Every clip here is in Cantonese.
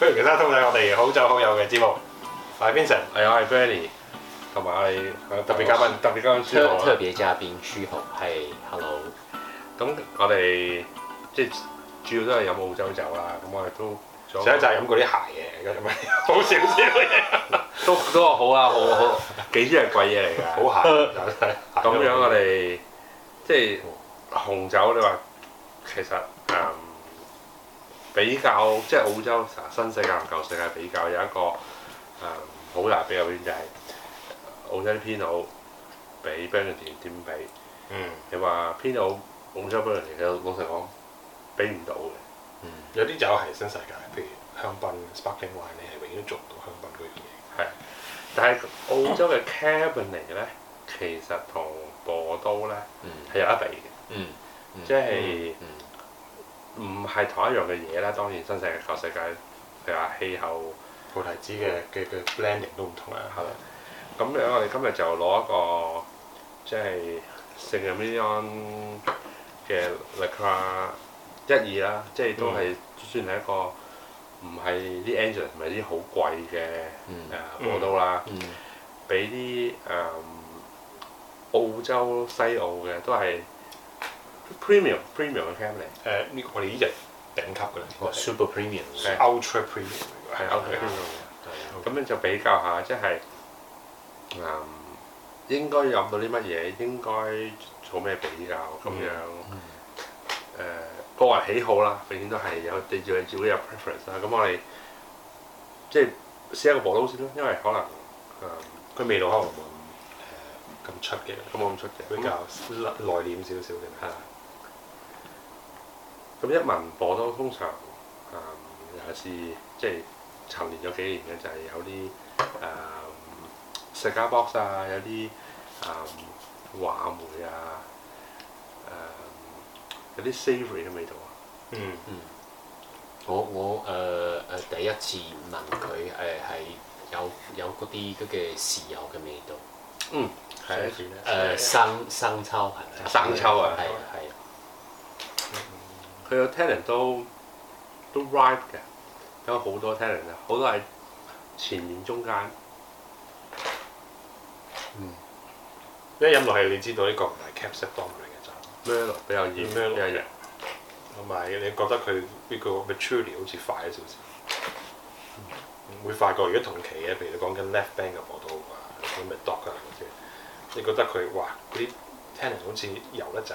歡迎其他睇下我哋好酒好友嘅節目。Hi 我係 Vincent，係我係 Bernie，同埋我係是特別嘉賓特別嘉賓書豪特別嘉賓書豪係 Hello。咁 我哋即係主要都係飲澳洲酒啦。咁我哋都上一集就係飲嗰啲鞋嘅，而家好少少嘢，都都好啊，好好幾支係貴嘢嚟噶。好鹹，咁樣我哋即係紅酒，你話其實。比較即係澳洲新世界同舊世界比較，有一個好大比較點，就係澳洲啲 Pinot 比 Benjamin 點比？嗯，你話 Pinot 澳洲 Benjamin，其實老實講比唔到嘅。有啲酒就係新世界，譬如香檳、Sparkling Wine，你係永遠做唔到香檳嗰樣嘢。係，但係澳洲嘅 Cabernet 咧，其實同波多咧係有一比嘅，嗯。嗯，即係、就是。嗯嗯唔係同一樣嘅嘢啦，當然，新世界、舊世界，譬如話氣候、菩提子嘅嘅嘅 blending 都唔同啦，係咪？咁樣 我哋今日就攞一個，即係十 million 嘅 Le Carre 一二啦、啊，即係都係、嗯、算係一個唔係啲 angel 唔係啲好貴嘅誒寶刀啦，俾啲誒澳洲西澳嘅都係。Premium、Premium 嘅 family 誒呢個我哋呢隻頂級㗎啦 Okay.，Super Premium、Yeah. Ultra Premium 係啊，咁樣就比較下，即係啊應該飲到啲乜嘢，應該做咩比較咁、嗯、樣誒個人喜好啦，永遠都係有對住你自己有 preference 啦。咁我哋即係試一個薄刀先啦，因為可能佢、嗯、味道可能冇咁出嘅，冇咁出嘅，比較內斂少少嘅嚇。咁一聞播都通常誒又是即係陳年咗幾年嘅，就係、是、有啲誒、嗯、石家 box 啊，有啲誒話梅啊，嗯、有啲 savory 嘅味道啊。嗯嗯。我我誒誒、呃呃呃、第一次聞佢誒係有有嗰啲嘅豉油嘅味道。嗯。係啊。誒的、呃、生生抽係啊。生抽啊。係係。的佢個 tannin 都都 ripe 嘅，有好多 tannin 啊，好多係前面中間。嗯，一飲落去你知道呢個唔係 cap set dominating 嘅酒咩咯，比較熱，比較熱。同埋你覺得佢呢個 maturity 好似快咗少少，會發覺如果同期嘅，譬如你講緊 left bank 嘅摩登啊，咁咪 dog 啊，嗰啲，你覺得佢哇嗰啲 tannin 好似油得滯。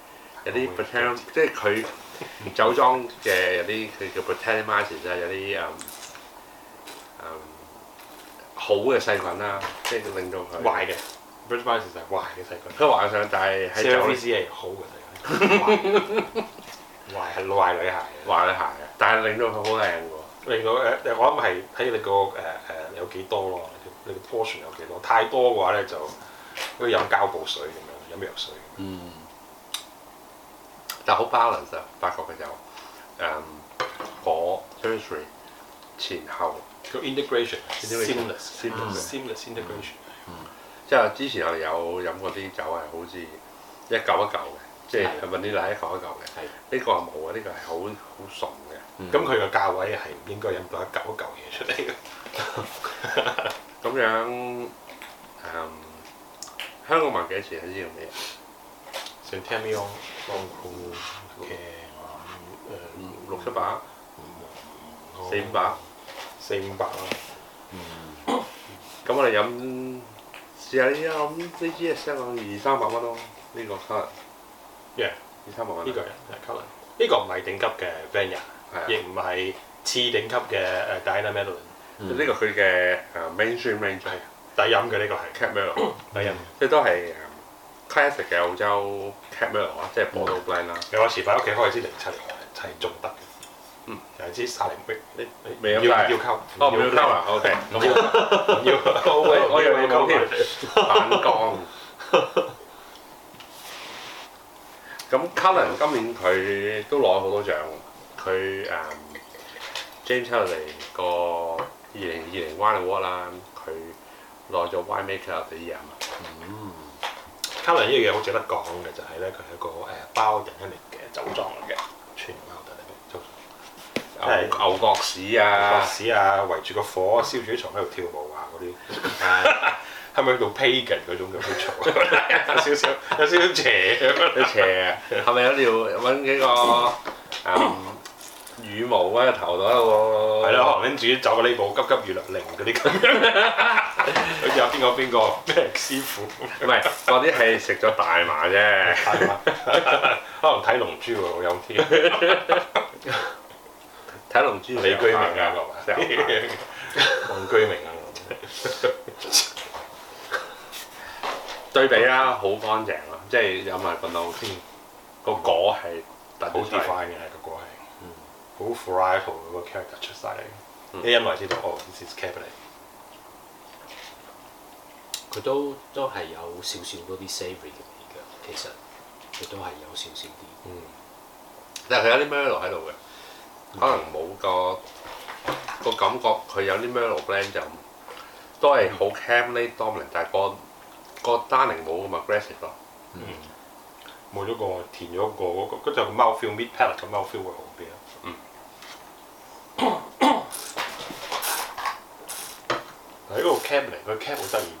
有啲 Brett 即係佢酒莊嘅有啲佢叫 Brettanomyces 有啲誒、嗯嗯、好嘅細菌啦，即係令到佢壞嘅 Brettanomyces 係 壞嘅細菌。佢幻想就係喺酒裏邊好嘅細菌，壞係壞女孩，壞女孩嘅。但係令到佢好靚喎，令到誒我諗係睇你個誒誒有幾多咯，你個 portion 有幾多？太多嘅話咧就好似飲膠布水咁樣，飲藥水。有有水嗯。好 balance 啊！發覺佢有誒果、tree、前後叫 integration，similar，similar，similar integration。即係之前係有飲過啲酒係好似一嚿一嚿嘅，即係揾啲奶一嚿一嚿嘅。係呢個係冇啊，呢個係好好順嘅。咁佢個價位係唔應該飲到一嚿一嚿嘢出嚟嘅。咁樣香港賣幾錢啊？呢樣嘢想聽咩？六七百，四五百，四五百咯。咁我哋飲試下先啊！咁呢支啊，set 二三百蚊咯。呢個卡倫，yeah，二三百蚊。呢個係卡倫，呢個唔係頂級嘅 Vanya 亦唔係次頂級嘅。誒 Diana Madeline 呢個佢嘅 mainstream range，抵飲嘅呢個係 Cab Merlot，即都係。Classic 嘅澳洲 Cab Merlot 啊、hmm.，即係 Bordeaux blend 啦。有啊、oh, okay. okay.，遲返屋企開支零七，零，真係仲得嗯，又係支三零 B，你未有冇要要溝？要溝啊！OK，要高位，我又要溝添眼光。咁 Cullen 今年佢都攞好多獎，佢誒、um, James 出嚟個二零二零 Wine Award 啦，佢攞咗 Winemaker 第二啊嘛。Making? 卡倫呢樣嘢好值得講嘅就係咧，佢係一個誒包人一嚟嘅酒莊嚟嘅，全包人一嚟酒莊牛牛角屎啊，角屎啊，圍住個火燒住啲床喺度跳舞啊，嗰啲係咪做 pagan 嗰種嘅舞場？ 有少少，有少少邪嘅邪、 嗯、啊！係咪有條搵幾個啊羽毛喺個頭度喺度？係咯，後邊煮酒嘅呢部急急如律令嗰啲。 好似阿邊個邊個咩師傅？唔係，我啲係食咗大麻啫，可能睇龍珠喎有添。睇龍珠李居明啊嘛，李居明啊，對比啦，啊，好乾淨啊，即係飲埋檸檬先，嗯、個果係特別好睇嘅，係、這個果係，好 firey 個 character 出晒嚟，一飲埋、嗯、知道哦、oh，this is Cab 佢都都係有少少嗰啲 savory 嘅味嘅，其實佢都係有少少啲，嗯。但係佢有啲 mellow 喺度嘅，可能冇個個感覺，佢有啲 mellow blend 就都係好 campy dominant，但係個個單寧冇咁 aggressive 咯，嗯。冇咗個填咗個嗰個，嗰、那個那個、mouth feel meat palate 嘅 mouth feel 會好啲咯，嗯。係呢 camping，佢 camp 好得意。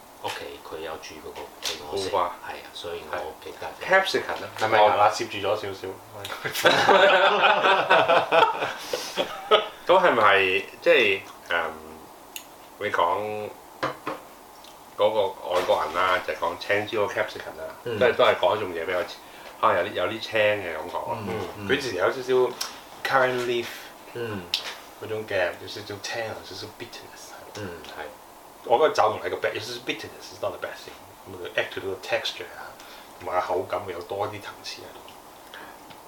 屋企佢有煮嗰個苦瓜，係說啊，所以我幾得意 Capsicum 啊，係咪辣辣攝住咗少少？咁係咪即係誒？你講嗰個外國人、就是嗯、啊，就講青椒 capsicum 啊，即係都係講一種嘢比較可能有啲有啲青嘅感覺，佢之前有少少 kind leaf，嗯，嗰種嘅有少少青，有少少 bitterness，嗯，係、嗯。我覺得酒唔係個 bite，bitterness 係 not a bad thing。咁佢 add 到個 texture 啊，同埋口感會有多啲層次喺度。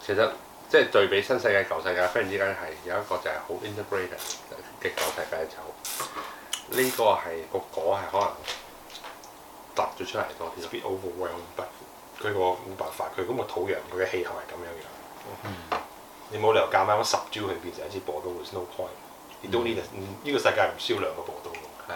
其實即係對比新世界舊世界，忽然之間係有一個就係好 integrated 嘅舊世界酒。呢、呢個係個果係可能突咗出嚟多，其實 bit overwhelming 佢個冇辦法，佢咁個土壤佢嘅氣候係咁樣樣。嗯、你冇理由夾硬十招去變成一支波多，no point。意大利呢個世界唔需要兩個波多。的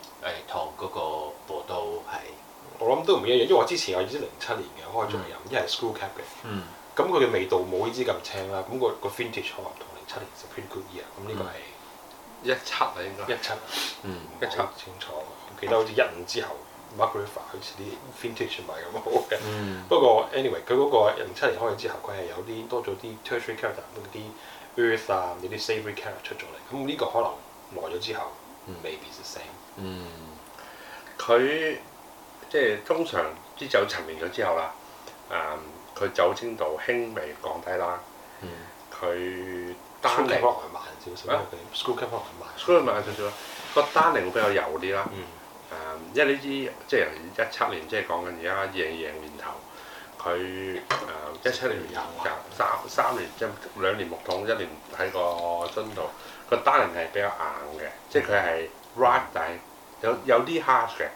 誒，同嗰、哎、個報道係我諗都唔一樣，因為我之前我已支零七年嘅開咗飲，因為係、嗯、school cap 嘅，咁佢嘅味道冇呢支咁青啦。咁、那個、那個 vintage 可能同零七年就 pretty good year，咁呢個係一七啊，應該一七，嗯，一七清楚。七我記得好似一五之後 Margaret River 好似啲 vintage 唔係咁好嘅。嗯、不過 anyway，佢嗰個零七年開咗之後，佢係有啲多咗啲 tertiary character，嗰啲 earth 啊，啲 savory character 出咗嚟。咁、那、呢個可能耐咗之後 maybe same。嗯，佢即係通常啲酒陳年咗之後啦，啊、嗯，佢酒精度輕微降低啦。佢單寧來慢少少啊 s c h o 慢少少啦。個單寧會比較柔啲啦。嗯、啊啊啊，因為呢支即係一七年，即係講緊而家二零二零年頭，佢啊一七年入三、啊、三年即兩年木桶一年喺個樽度，個單寧係比較硬嘅，嗯、即係佢係。Right，但係有有啲 hard 嘅，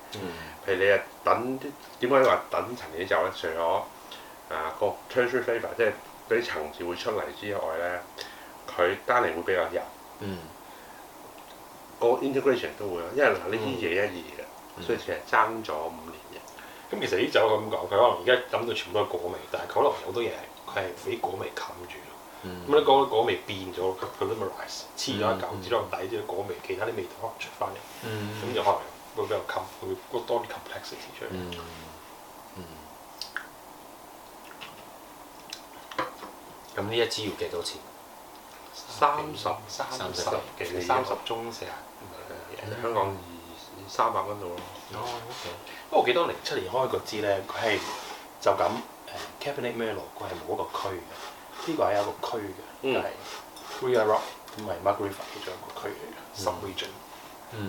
譬如你啊等啲點解話等陳年啲酒咧？除咗啊個 tertiary flavour 即係嗰啲層次會出嚟之外咧，佢單寧會比較柔，嗯、個 integration 都會咯。因為嗱，呢啲嘢一二嘅，所以成日爭咗五年嘅。咁其實啲酒咁講，佢可能而家飲到全部都果味，但係可能好多嘢係佢係俾果味冚住。咁咧、嗯、果果味變咗佢 l i m e r i s e 黐咗一嚿，只可能抵啲果味，其他啲味道可能出翻嚟，咁就、嗯、可能會比較深，會多啲 complexity 出嚟。咁呢、嗯嗯、一支要多 30, 30, 30，幾多錢？三十，三十幾，三十宗成，香港二三百蚊到咯。嗯、哦，okay、不過幾多零七年開嗰支咧，佢係就咁誒，Cabernet Merlot 係冇一個區嘅。呢個係一個區嘅，係 free rock 同埋 Margrave 其中一個區嚟嘅 sub region。嗯。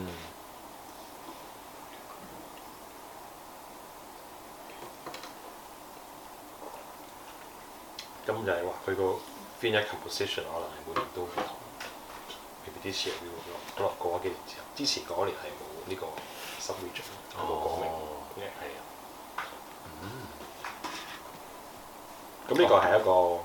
咁就係話佢個 finalcomposition 可能係每年都唔同。competition 都落過咗幾年之後，之前嗰一年係冇呢個 sub region 冇講明嘅，係啊。嗯。咁呢個係一個。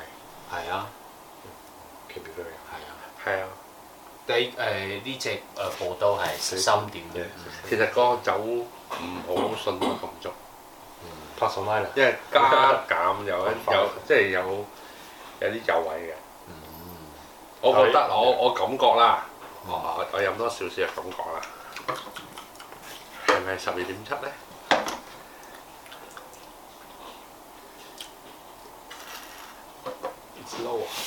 係啊 k 係啊，係啊，你誒呢隻誒葡萄都係深點嘅，其實個酒唔好信得咁足，拍手拉啦，因為加減有有即係有有啲就位嘅，我覺得我我感覺啦，我我飲多少少嘅感覺啦，係咪十二點七咧？Lower 啊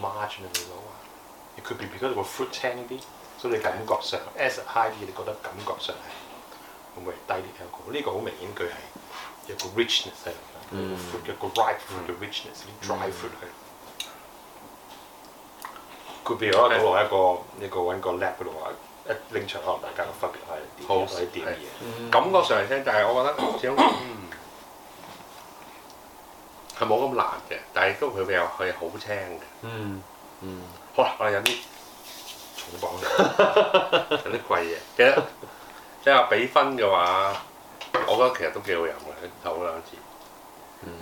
，marginally lower 啊，你佢俾比較到個 fruit 青啲，所以你感覺上 as high 嘅，你覺得感覺上係會唔會低啲嘅一個。呢個好明顯，佢係有個 richness 係，有個 fruit 有個 ripe fruit 嘅 richness，啲 dry fruit 係。佢譬如我攞到落一個一個揾個 lab 嗰度啊，一拎出可能大家個分別係點？我啲掂嘅嘢，感覺上嚟聽但係我覺得。冇咁難嘅，但係都佢比較係好清嘅。嗯嗯，好啦，我哋 有啲重磅嘅，有啲貴嘢。其實即係話比分嘅話，我覺得其實都幾好飲嘅，飲兩次。嗯，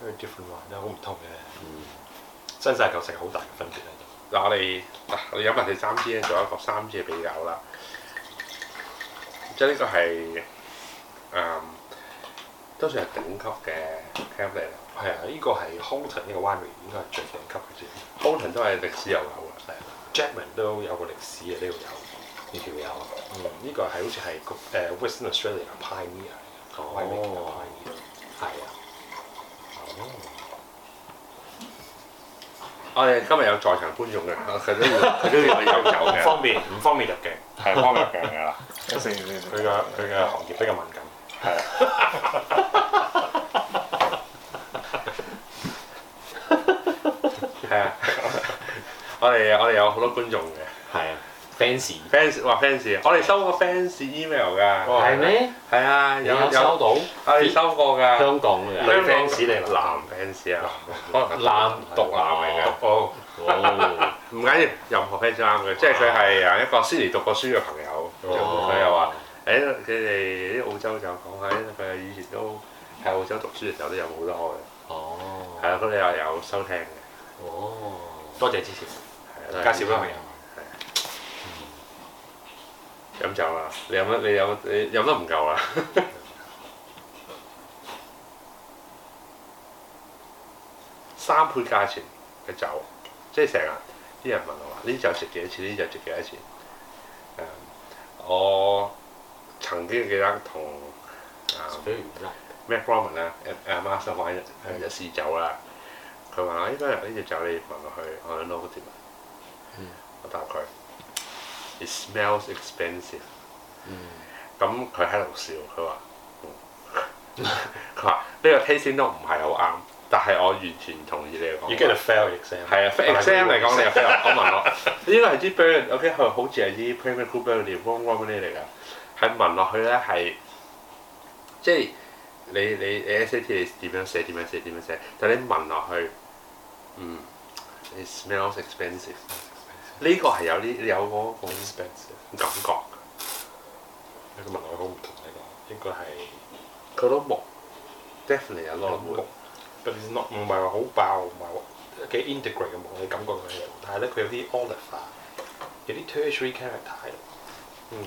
因為啲番話真係好唔同嘅。嗯，新舊世界好大嘅分別喺度。嗱，我哋嗱，我哋飲埋第三支，仲有一個三支嘅比較啦。即係呢個係誒。都算係頂級嘅 Cabernet，係啊，呢個係 Houghton，呢個 n 邊應該係最頂級嘅啫。Houghton 都係歷史悠久啦，Jack Mann 都有個歷史嘅，呢度有，呢條有。嗯，呢個係好似係誒 Western Australia pioneer 哦 w e s pioneer 係啊。我哋今日有在場觀眾嘅，佢都佢都要有有嘅。方便，唔方便入鏡？係方便入鏡啦。佢嘅佢嘅行業比較敏感。係啊，係啊，我哋我哋有好多觀眾嘅，係啊，fans，fans，哇 fans，我哋收個 fans email 㗎，係咩？係啊，有收到，我哋收過㗎，香港嘅，女 fans 定男 fans 啊？男獨男嚟嘅。哦，唔緊要，任何 fans 啱嘅，即係佢係啊一個 Sydney 讀過書嘅朋友。誒佢哋啲澳洲就講，喺佢以前都喺澳洲讀書嘅時候都有好多愛嘅，係啊、哦，咁你又有收聽嘅，哦、多謝支持，是介紹乜嘢？飲酒啊，你飲乜？你飲你飲得唔夠啊？ 三倍價錢嘅酒，即係成日啲人問我話：呢酒值幾多錢？呢酒值幾多錢，嗯？我。曾經記得同啊咩 formula 啊 master 玩日試酒啦佢話應該係呢隻酒你聞我我問落去我答佢 it smells expensive 咁佢喺度笑佢話佢話呢個 taste 都唔係好啱但係我完全同意你講已經係 fail exam 係啊 exam 嚟講你又 fail 我問我呢個係啲 ok 佢好似係啲 primary cooperative 嚟噶係聞落去咧，係即係你你你 S A T 你點樣寫點樣寫點樣寫，但你聞落去，嗯，It smells expensive，呢個係有啲有嗰個感覺嘅。佢很 expensive. 聞落去好唔同你講，應該係佢都木，definitely 係羅蘭木，but not 唔係話好爆，唔係話幾 integrate 嘅木，你感覺佢、就、係、是，但係咧佢有啲 olive 化，有啲 tertiary character，嗯。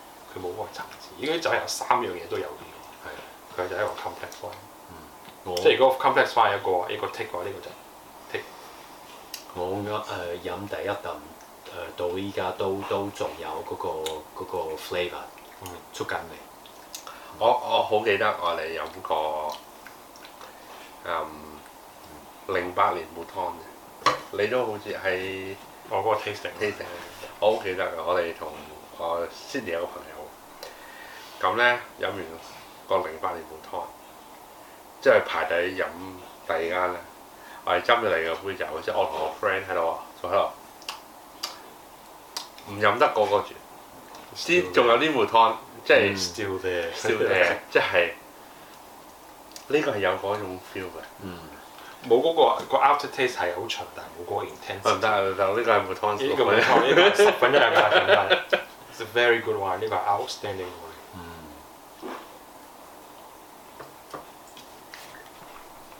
佢冇嗰個層次，應該就係三樣嘢都有嘅。係佢的就係一個 complex wine 即係如果 complex wine 一個，一個 tick，呢個就 tick。我咁誒飲第一啖誒、呃、到依家都都仲有嗰、那個嗰、那個 flavor 嗯，足緊嘅。嗯、我我好記得我哋飲過誒零八年碗湯嘅，你都好似喺我嗰個 tasting, tasting。tasting，我好記得啊！我哋同、嗯、我 Cindy 有個朋友。咁咧飲完個零八年烏湯，即係排第飲第二間咧，我哋斟咗嚟個杯酒，即係我同我 friend 喺度啊，就喺度唔飲得個個住，先仲有啲烏湯，即係 still there，still there，即係呢個係有嗰種 feel 嘅，冇嗰個個 after taste 係好長，但係冇嗰個 intense。唔得啊，老呢個係烏湯嚟嘅，呢個烏湯，呢個十分之兩加成嘅，It's a very good one，呢個 outstanding one。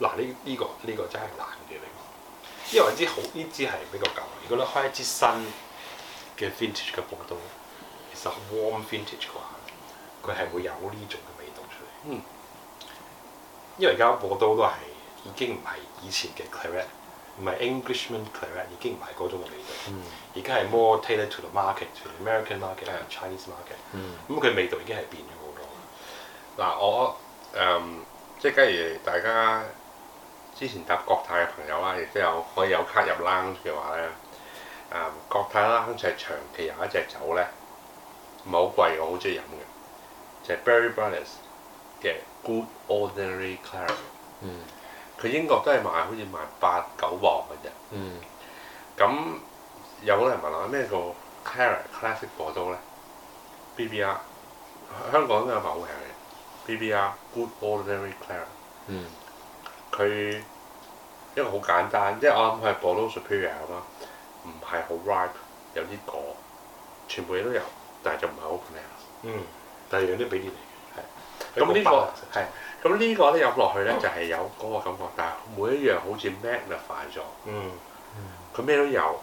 嗱，呢呢、這個呢、這個真係難嘅嚟，因為之好呢支係比較舊。如果你開一支新嘅 vintage 嘅波多，其實 warm vintage 啩，佢係會有呢種嘅味道出嚟。嗯。因為而家波多都係已經唔係以前嘅 claret，唔係 Englishman claret，已經唔係嗰種嘅味道。嗯。而家係 more tailored to the market，to the American market，and Chinese market。咁佢味道已經係變咗好多。嗱、嗯啊，我誒，um, 即係假如大家。之前搭國泰嘅朋友啦，亦都有可以有卡入 lounge 嘅話咧，啊國泰啦，好似係長期有一隻酒咧，唔係好貴我好中意飲嘅，就係、是、Berry Brothers 嘅 Good Ordinary Claret。佢、嗯、英國都係賣好似賣八九磅嘅啫。嗯。咁有好多人問我咩叫 Claret Classic 過多咧？B B R。香港都有買好平嘅，B B R Good Ordinary Claret。嗯。佢因為好簡單，即係我諗佢係 Bordeaux Supérieur，咁咯，唔係好 ripe，有啲果，全部嘢都有，但係就唔係好 match。嗯，第二樣都俾啲嘅，係。咁呢個係，咁呢個咧飲落去咧就係有嗰個感覺，但係每一樣好似 magnify 咗。嗯，佢咩都有，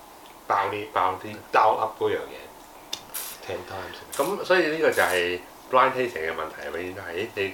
爆裂、爆天、爆噏嗰樣嘢。Ten times。咁所以呢個就係 blind tasting 嘅問題，永遠都係，你。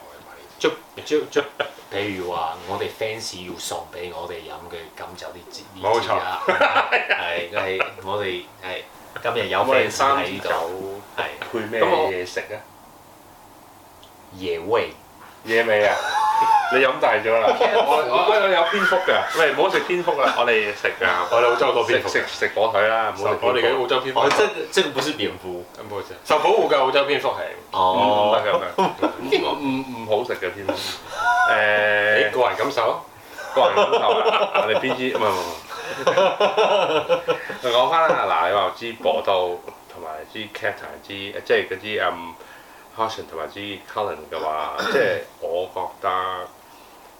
捉捉捉！譬如話，我哋 fans 要送俾我哋飲嘅，咁酒啲折。冇錯，係係我哋係今日有冇生二酒？係配咩嘢食啊？野味，野味啊！你飲大咗啦！我我我有蝙蝠㗎，喂，唔好食蝙蝠啦！我哋食啊，我哋澳洲嗰邊食食食火腿啦，唔好食蝙蝠。我哋澳洲蝙蝠，即即個不是蝙蝠，唔好食。受保護嘅澳洲蝙蝠係哦，唔得㗎，唔唔唔好食嘅蝙蝠。誒，個人感受，個人感受啊！我哋邊啲？唔係唔係，講翻啦，嗱，你話知 Bordeaux 同埋支 Carter、支即係嗰啲誒 Houghton 同埋支 Cullen 嘅話，即係我覺得。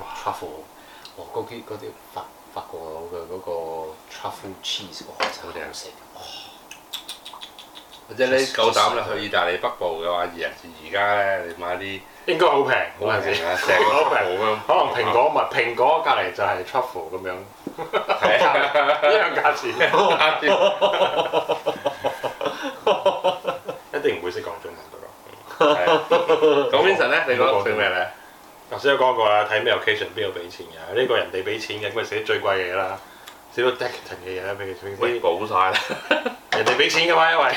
哇，truffle，哦，嗰啲啲法法國嘅嗰個 truffle cheese，哇，真係好靚食。或者你夠膽啦，去意大利北部嘅話，而而家咧你買啲應該好平，好平，成個平咁可能蘋果唔係蘋果，隔離就係 truffle 咁樣，係啊，一樣價錢一定唔會識講中文嘅咯。講邊層咧？你覺得講講咩咧？頭先都講過啦，睇咩 occasion 邊度俾錢嘅？呢、呢個人哋俾錢嘅，咁咪食最貴嘅嘢啦，食到 decadent 嘅嘢啦，譬如喂，呢個好曬啦，人哋俾錢嘅嘛，因為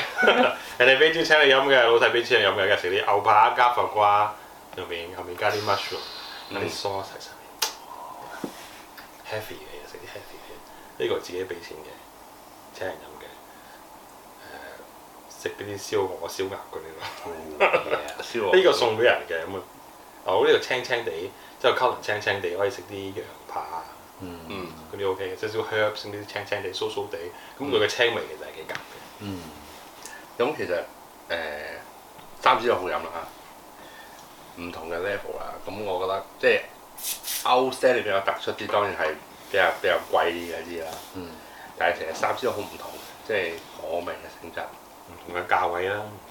人哋俾錢請你飲嘅，老細俾錢你飲嘅，食啲牛扒加浮瓜，入面後面加啲 mushroom，加啲、嗯、sauce 喺上面、oh.，heavy 嘅嘢，食啲 heavy 嘅嘢，呢、呢個自己俾錢嘅，請人飲嘅，食嗰啲燒鵝、燒鴨嗰啲咯，嗯、 yeah, 燒鵝呢 個送俾人嘅咁啊。哦，呢度青青地，即係 color 青青地，可以食啲羊扒啊，嗯，嗰啲 OK 嘅，少少香，少少青青地、酥酥地，咁佢嘅青味、嗯、其實係幾夾嘅。嗯、呃，咁其實誒三支就好飲啦，唔同嘅 level 啦。咁我覺得即係 o u s e r 比較突出啲，當然係比較比較貴啲嗰啲啦。嗯，但係其實三支都好唔同，即係果味嘅性質，唔同嘅價位啦。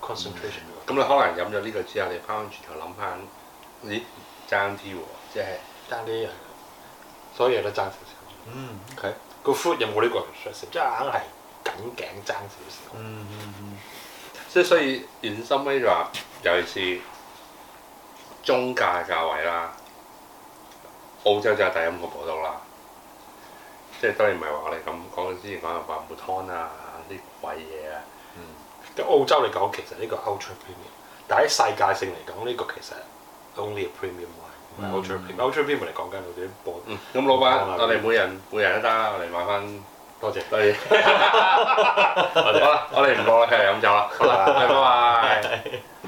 concentration 咁、mm hmm. 你可能飲咗呢個之後，你翻轉頭諗翻啲爭啲喎，即係爭啲，所有嘢都爭少少。嗯、mm，佢、hmm. Okay. 這個 food 有冇呢個 p 即係硬係緊頸爭少少。嗯嗯即係所以現時咧就話，way, 尤其是中價價位啦，澳洲就係第一個補刀啦。即係當然唔係話我哋咁講，之前講話白胡湯啊啲貴嘢啊。喺澳洲嚟講，其實呢個 ultra premium，但喺世界性嚟講，呢、呢個其實 only a premium one，唔係 ultra premium。ultra premium 嚟講緊，我哋播，咁老闆，嗯、我哋每人每人一單，我哋買翻，多謝，好啦，我哋唔講啦，聽日飲酒啦， 好啦了，拜拜。